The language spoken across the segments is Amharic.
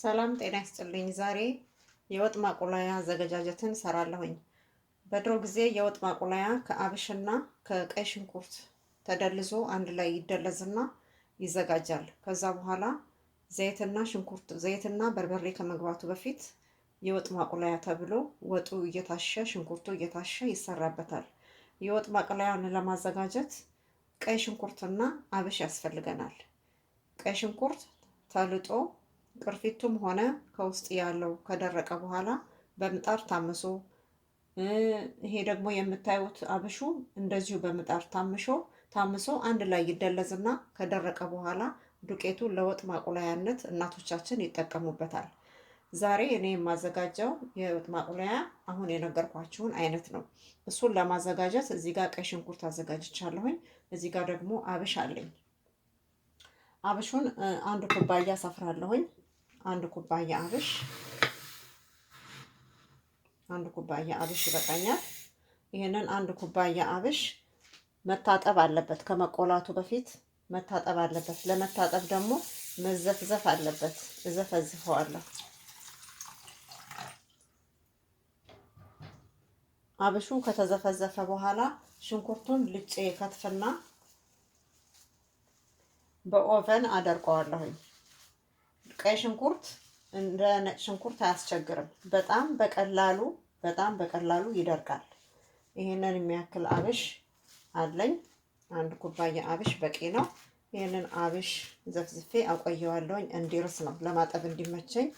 ሰላም ጤና ይስጥልኝ። ዛሬ የወጥ ማቁላያ አዘገጃጀትን ሰራለሁኝ። በድሮ ጊዜ የወጥ ማቁላያ ከአብሽና ከቀይ ሽንኩርት ተደልዞ አንድ ላይ ይደለዝና ይዘጋጃል። ከዛ በኋላ ዘይትና ሽንኩርት ዘይትና በርበሬ ከመግባቱ በፊት የወጥ ማቁላያ ተብሎ ወጡ እየታሸ ሽንኩርቱ እየታሸ ይሰራበታል። የወጥ ማቁላያን ለማዘጋጀት ቀይ ሽንኩርትና አብሽ ያስፈልገናል። ቀይ ሽንኩርት ተልጦ ቅርፊቱም ሆነ ከውስጥ ያለው ከደረቀ በኋላ በምጣድ ታምሶ ይሄ ደግሞ የምታዩት አብሹ እንደዚሁ በምጣድ ታምሾ ታምሶ አንድ ላይ ይደለዝና ከደረቀ በኋላ ዱቄቱ ለወጥ ማቁለያነት እናቶቻችን ይጠቀሙበታል። ዛሬ እኔ የማዘጋጀው የወጥ ማቁለያ አሁን የነገርኳችሁን አይነት ነው። እሱን ለማዘጋጀት እዚህ ጋር ቀይ ሽንኩርት አዘጋጅቻለሁኝ። እዚህ ጋር ደግሞ አብሽ አለኝ። አብሹን አንድ ኩባያ ሰፍራለሁኝ። አንድ ኩባያ አብሽ አንድ ኩባያ አብሽ ይበቃኛል። ይሄንን አንድ ኩባያ አብሽ መታጠብ አለበት። ከመቆላቱ በፊት መታጠብ አለበት። ለመታጠብ ደግሞ መዘፍዘፍ አለበት። እዘፈዝፈዋለሁ። አብሹ ከተዘፈዘፈ በኋላ ሽንኩርቱን ልጬ ከትፍና በኦቨን አደርቀዋለሁኝ። ቀይ ሽንኩርት እንደ ነጭ ሽንኩርት አያስቸግርም። በጣም በቀላሉ በጣም በቀላሉ ይደርቃል። ይሄንን የሚያክል አብሽ አለኝ። አንድ ኩባያ አብሽ በቂ ነው። ይህንን አብሽ ዘፍዝፌ አቆየዋለሁኝ እንዲርስ ነው፣ ለማጠብ እንዲመቸኝ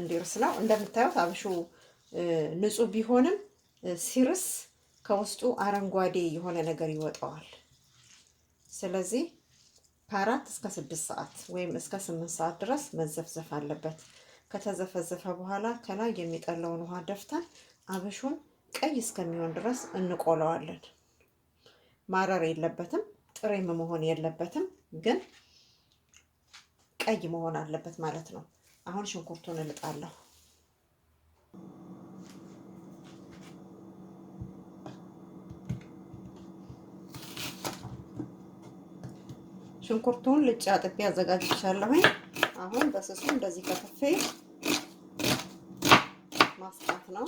እንዲርስ ነው። እንደምታዩት አብሹ ንጹህ ቢሆንም ሲርስ ከውስጡ አረንጓዴ የሆነ ነገር ይወጣዋል። ስለዚህ ከአራት እስከ ስድስት ሰዓት ወይም እስከ ስምንት ሰዓት ድረስ መዘፍዘፍ አለበት። ከተዘፈዘፈ በኋላ ከላይ የሚጠለውን ውሃ ደፍተን አብሹን ቀይ እስከሚሆን ድረስ እንቆለዋለን። ማረር የለበትም፣ ጥሬም መሆን የለበትም፣ ግን ቀይ መሆን አለበት ማለት ነው። አሁን ሽንኩርቱን እልጣለሁ። ሽንኩርቱን ልጭ አጥቤ አዘጋጅቻለሁኝ። አሁን በስሱ እንደዚህ ከትፌ ማስጣት ነው።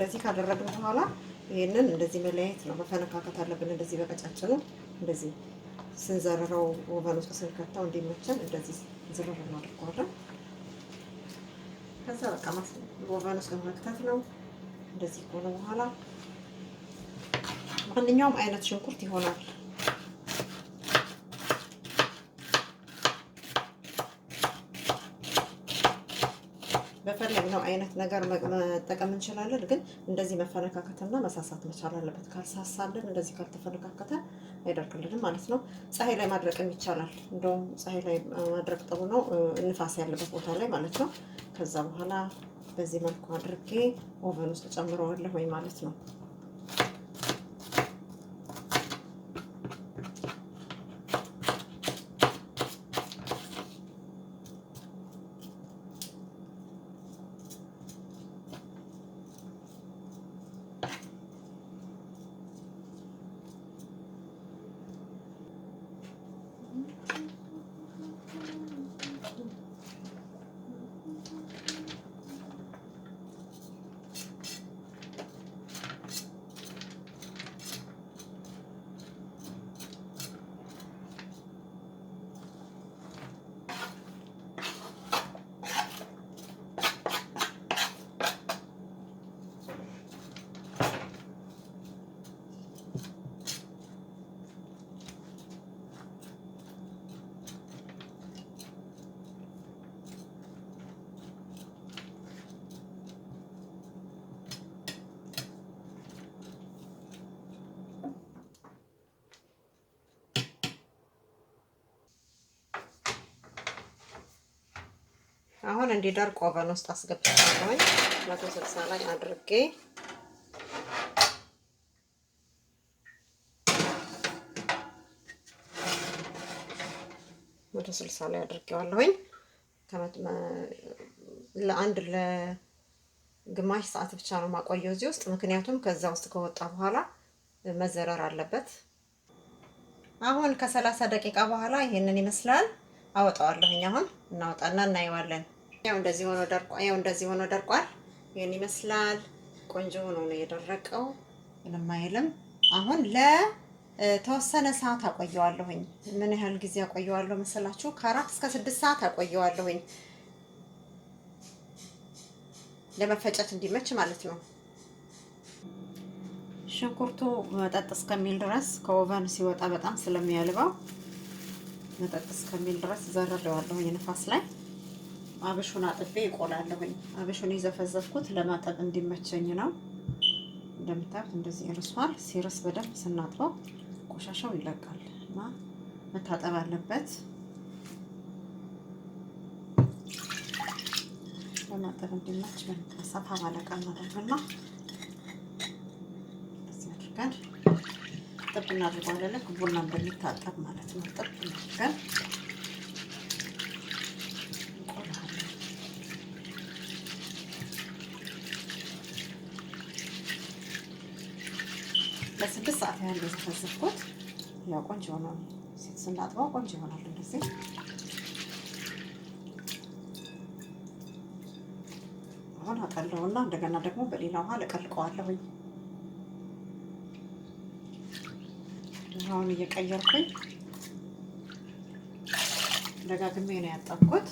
እንደዚህ ካደረግን በኋላ ይህንን እንደዚህ መለያየት ነው። መፈነካከት አለብን። እንደዚህ በቀጫጭኑ እንደዚህ ስንዘርረው ወበን ውስጥ ስንከታው እንዲመቸን እንደዚህ ዝርር እናደርገዋለን። ከዛ በቃ ወበን ውስጥ መክተት ነው። እንደዚህ ከሆነ በኋላ ማንኛውም አይነት ሽንኩርት ይሆናል። በፈለግነው አይነት ነገር መጠቀም እንችላለን። ግን እንደዚህ መፈነካከትና መሳሳት መቻል አለበት። ካልሳሳልን እንደዚህ ካልተፈነካከተ አይደርቅልንም ማለት ነው። ፀሐይ ላይ ማድረቅም ይቻላል። እንደውም ፀሐይ ላይ ማድረቅ ጥሩ ነው፣ ንፋስ ያለበት ቦታ ላይ ማለት ነው። ከዛ በኋላ በዚህ መልኩ አድርጌ ኦቨን ውስጥ ጨምረዋለሁ ወይ ማለት ነው። አሁን እንዲደርቅ ኦቨን ውስጥ አስገብቻለሁኝ 160 ላይ አድርጌ መቶ ስልሳ ላይ አድርጌዋለሁኝ ለአንድ ለግማሽ ሰዓት ብቻ ነው ማቆየው እዚህ ውስጥ ምክንያቱም ከዛ ውስጥ ከወጣ በኋላ መዘረር አለበት። አሁን ከሰላሳ ደቂቃ በኋላ ይሄንን ይመስላል። አወጣዋለሁኝ። አሁን እናወጣና እናየዋለን። ያው እንደዚህ ሆኖ ደርቋል። ያው እንደዚህ ሆኖ ደርቋል። ይሄን ይመስላል። ቆንጆ ሆኖ ነው የደረቀው። ምንም አይልም። አሁን ለተወሰነ ሰዓት አቆየዋለሁኝ። ምን ያህል ጊዜ አቆየዋለሁ መሰላችሁ? ከአራት እስከ ስድስት ሰዓት አቆየዋለሁኝ ለመፈጨት እንዲመች ማለት ነው። ሽንኩርቱ መጠጥ እስከሚል ድረስ ከኦቨን ሲወጣ በጣም ስለሚያልበው መጠጥ እስከሚል ድረስ ዘርሬዋለሁኝ ንፋስ ላይ። አብሹን አጥቤ ይቆላለሁኝ። አብሹን የዘፈዘፍኩት ለማጠብ እንዲመቸኝ ነው። እንደምታዩት እንደዚህ እርሷል። ሲርስ በደንብ ስናጥበው ቆሻሻው ይለቃል እና መታጠብ አለበት። ለማጠብ እንዲመች ሰፋ ነው እና እዚህ አድርገን እርጥብ እናደርገዋለን። ልክ ቡና እንደሚታጠብ ማለት ነው። እርጥብ እናደርገን ለስድስት ሰዓት ያህል የዘፈዘፍኩት ያው ቆንጆ ይሆናል። ስናጥበው ቆንጆ ይሆናል እንደዚህ አሁን አጠለውና እንደገና ደግሞ በሌላ ውሃ ለቀልቀዋለሁኝ። አሁን እየቀየርኩኝ ደጋግሜ ነው ያጠብኩት።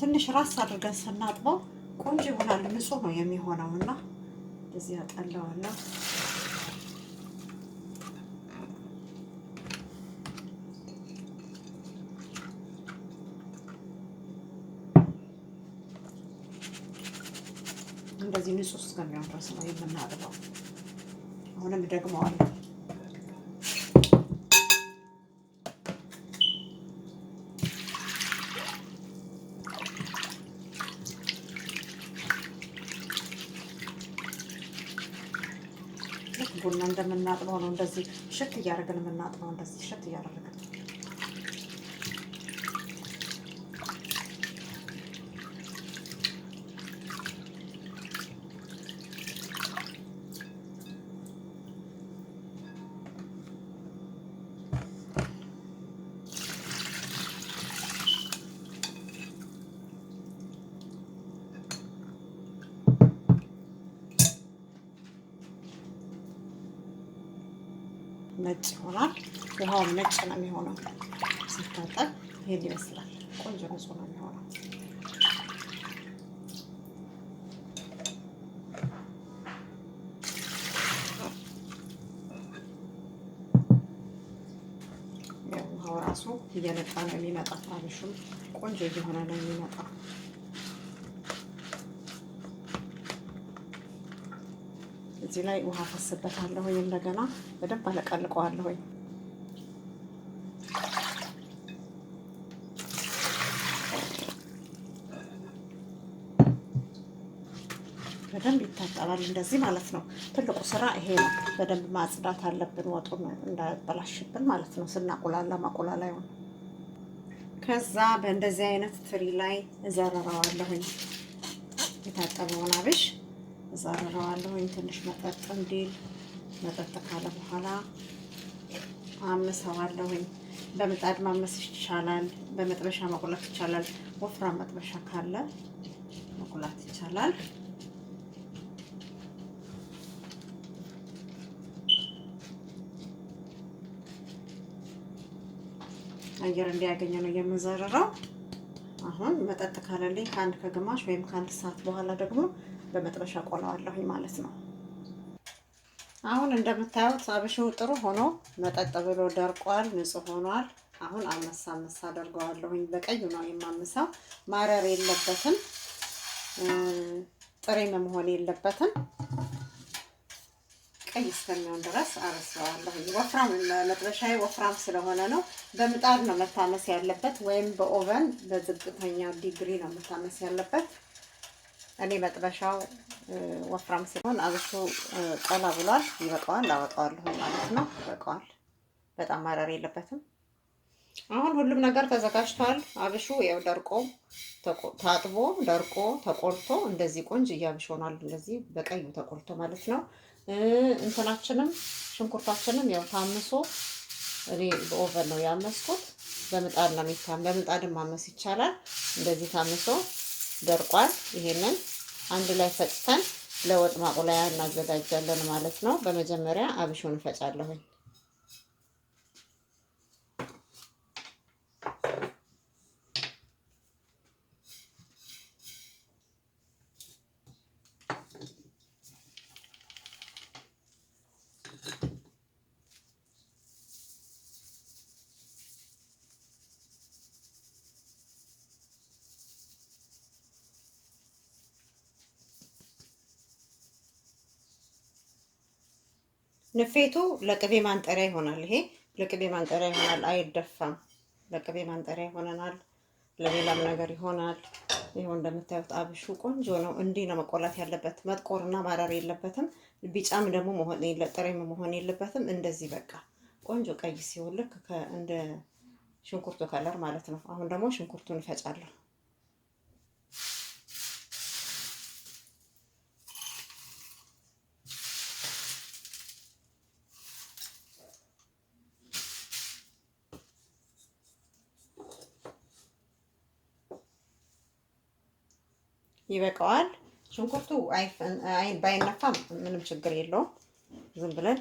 ትንሽ ራስ አድርገን ስናጥበው ቆንጆ ይሆናል፣ ንጹህ ነው የሚሆነው እና እዚህ አጠለዋለሁ። እንደዚህ ንጹህ እስከሚሆን ድረስ ነው የምናጥበው። አሁንም ደግሞ ቡና እንደምናጥበው ነው። እንደዚህ ሽት እያደረግን የምናጥበው እንደዚህ ሽት እያደረግን ነጭ ይሆናል። ውሃውም ነጭ ነው የሚሆነው ሲታጠብ። ይሄን ይመስላል። ቆንጆ ንጹህ ነው የሚሆነው። ውሃው ራሱ እየነጣ ነው የሚመጣ። ፍራንሹም ቆንጆ እየሆነ ነው የሚመጣ እዚህ ላይ ውሃ ፈስበታለሁ። እንደገና በደንብ አለቀልቀዋለሁ። በደንብ ይታጠባል፣ እንደዚህ ማለት ነው። ትልቁ ስራ ይሄ ነው። በደንብ ማጽዳት አለብን፣ ወጡን እንዳያበላሽብን ማለት ነው። ስናቁላላ ማቁላላዩን ከዛ በእንደዚህ አይነት ትሪ ላይ እዘረረዋለሁኝ የታጠበውን አብሽ እዛርረዋለሁ ወይም ትንሽ መጠጥ እንዲል መጠጥ ካለ በኋላ አምሰዋለሁ። በምጣድ ማመስ ይቻላል። በመጥበሻ መቁላት ይቻላል። ወፍራም መጥበሻ ካለ መቁላት ይቻላል። አየር እንዲያገኘ ነው የምንዘረረው። አሁን መጠጥ ካለልኝ ከአንድ ከግማሽ ወይም ከአንድ ሰዓት በኋላ ደግሞ በመጥበሻ ቆለዋለሁ ማለት ነው። አሁን እንደምታዩት አብሽው ጥሩ ሆኖ መጠጥ ብሎ ደርቋል፣ ንጹህ ሆኗል። አሁን አመሳ አነሳ አደርገዋለሁኝ። በቀዩ ነው የማመሳው ማረር የለበትም፣ ጥሬ መሆን የለበትም። ቀይ እስከሚሆን ድረስ አበስለዋለሁ። ወፍራም መጥበሻዬ ወፍራም ስለሆነ ነው። በምጣድ ነው መታመስ ያለበት፣ ወይም በኦቨን በዝቅተኛ ዲግሪ ነው መታመስ ያለበት። እኔ መጥበሻው ወፍራም ስለሆን አብሶ ጠላ ብሏል። ይበቃዋል፣ አወጣዋለሁ ማለት ነው። ይበቃዋል፣ በጣም ማረር የለበትም። አሁን ሁሉም ነገር ተዘጋጅቷል። አብሹ ያው ደርቆ ታጥቦ ደርቆ ተቆልቶ እንደዚህ ቆንጅዬ እያብሽ ሆኗል። እንደዚህ በቀዩ ተቆልቶ ማለት ነው። እንትናችንም ሽንኩርታችንም ያው ታምሶ እኔ በኦቨን ነው ያመስኩት። በምጣድ ለሚታም በምጣድም ማመስ ይቻላል። እንደዚህ ታምሶ ደርቋል። ይሄንን አንድ ላይ ፈጭተን ለወጥ ማቁላያ እናዘጋጃለን ማለት ነው። በመጀመሪያ አብሽውን እፈጫለሁኝ። ንፌቱ ለቅቤ ማንጠሪያ ይሆናል። ይሄ ለቅቤ ማንጠሪያ ይሆናል። አይደፋም። ለቅቤ ማንጠሪያ ይሆነናል። ለሌላም ነገር ይሆናል። ይኸው እንደምታዩት አብሹ ቆንጆ ነው። እንዲህ ነው መቆላት ያለበት። መጥቆርና ማረር የለበትም። ቢጫም ደግሞ መሆን ጥሬም መሆን የለበትም። እንደዚህ በቃ ቆንጆ ቀይ ሲሆን ልክ እንደ ሽንኩርቱ ከለር ማለት ነው። አሁን ደግሞ ሽንኩርቱን ይፈጫለሁ። ይበቃዋል። ሽንኩርቱ ባይነፋም ምንም ችግር የለውም። ዝም ብለን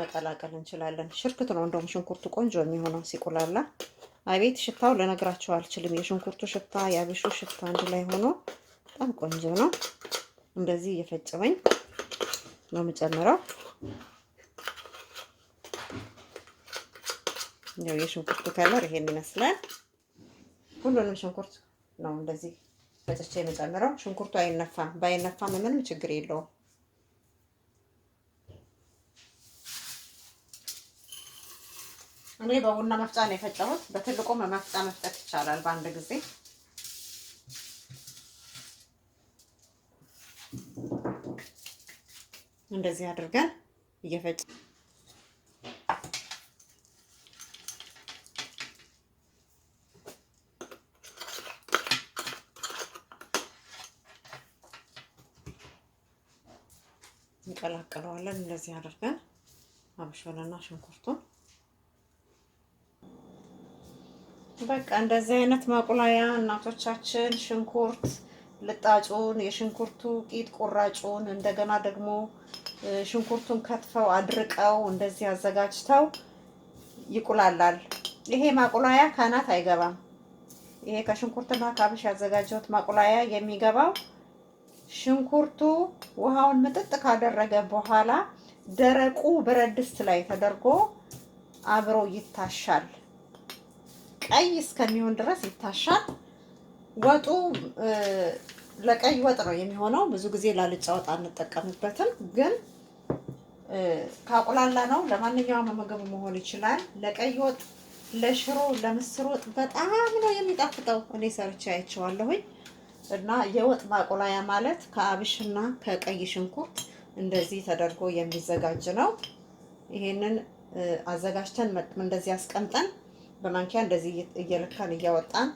መቀላቀል እንችላለን። ሽርክት ነው እንደውም ሽንኩርቱ ቆንጆ የሚሆነው ሲቆላላ አቤት ሽታው ልነግራቸው አልችልም። የሽንኩርቱ ሽታ የአብሹ ሽታ አንድ ላይ ሆኖ በጣም ቆንጆ ነው። እንደዚህ እየፈጨበኝ ነው የምጨምረው። ያው የሽንኩርቱ ከለር ይሄን ይመስላል። ሁሉንም ሽንኩርት ነው እንደዚህ መጥቼ የምጨምረው ሽንኩርቱ አይነፋም። ባይነፋም ምንም ችግር የለውም። እኔ በቡና መፍጫ ነው የፈጨሁት። በትልቁ መፍጫ መፍጨት ይቻላል በአንድ ጊዜ። እንደዚህ አድርገን እየፈጨ እንቀላቀለዋለን። እንደዚህ አድርገን አብሾልና ሽንኩርቱን በቃ እንደዚህ አይነት ማቁላያ እናቶቻችን ሽንኩርት ልጣጩን፣ የሽንኩርቱ ቂጥ ቁራጩን፣ እንደገና ደግሞ ሽንኩርቱን ከትፈው አድርቀው እንደዚህ አዘጋጅተው ይቁላላል። ይሄ ማቁላያ ካናት አይገባም። ይሄ ከሽንኩርትና ካብሽ ያዘጋጀሁት ማቁላያ የሚገባው ሽንኩርቱ ውሃውን ምጥጥ ካደረገ በኋላ ደረቁ ብረት ድስት ላይ ተደርጎ አብሮ ይታሻል። ቀይ እስከሚሆን ድረስ ይታሻል። ወጡ ለቀይ ወጥ ነው የሚሆነው። ብዙ ጊዜ ላልጫ ወጥ አንጠቀምበትም፣ ግን ካቁላላ ነው ለማንኛውም ምግብ መሆን ይችላል። ለቀይ ወጥ፣ ለሽሮ፣ ለምስር ወጥ በጣም ነው የሚጣፍጠው። እኔ ሰርቼ አይቼዋለሁኝ። እና የወጥ ማቆላያ ማለት ከአብሽና ከቀይ ሽንኩርት እንደዚህ ተደርጎ የሚዘጋጅ ነው። ይሄንን አዘጋጅተን እንደዚህ አስቀምጠን በማንኪያ እንደዚህ እየለካን እያወጣን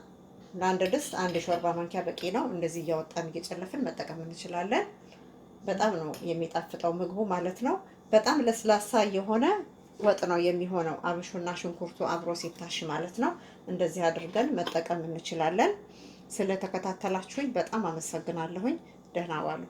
ለአንድ ድስት አንድ ሾርባ ማንኪያ በቂ ነው። እንደዚህ እያወጣን እየጨለፍን መጠቀም እንችላለን። በጣም ነው የሚጣፍጠው ምግቡ ማለት ነው። በጣም ለስላሳ የሆነ ወጥ ነው የሚሆነው አብሹና ሽንኩርቱ አብሮ ሲታሽ ማለት ነው። እንደዚህ አድርገን መጠቀም እንችላለን። ስለተከታተላችሁኝ በጣም አመሰግናለሁኝ። ደህና ዋሉ።